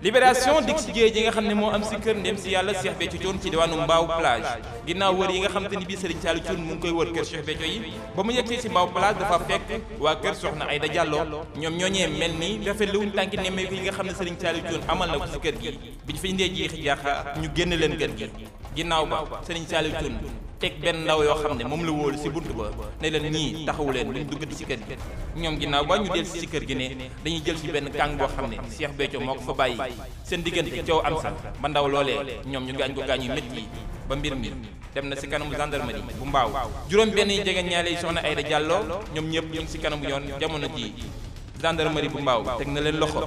libération dig si géej yi nga xam ne moo am si kër ndem si yàlla Cheikh Béthio Thioune ci diwaanu mbaaw plage ginnaaw wër yi nga xam te ni bii Serigne Saliou Thioune mu ngi koy wër kër Cheikh Béthio yi ba mu yegsee si mbaaw plage dafa fekk waa kër soxna Aïda Diallo ñoom ñooñee mel ni rafetluwuñ tànki nemmeeku yi nga xam ne Serigne Saliou Thioune amal na ko si kër gi bi ñu fi indee jiixi ñu génn leen kër gi ginnaaw ba sëriñ Saliou Thioune teg benn ndaw yoo xam ne moom la wóolu si bunt ba ne leen ñii taxawu leen buñ duggati si kër gi ñoom ginnaaw ba ñu del si kër gi ne dañuy jël si benn kàng boo xam ne Cheikh Béthio moo ko fa bàyyi seen diggante coow am sax ba ndaw loolee ñoom ñu gaañ ko gaañ yu ba mbir mi dem na si kanamu gendarmerie bu mbaaw juróom benn yi jege ñaale yi soxna Aïda Diallo ñoom ñëpp ñu ngi si kanamu yoon jamono ji gendarmerie bu mbaaw teg na leen loxo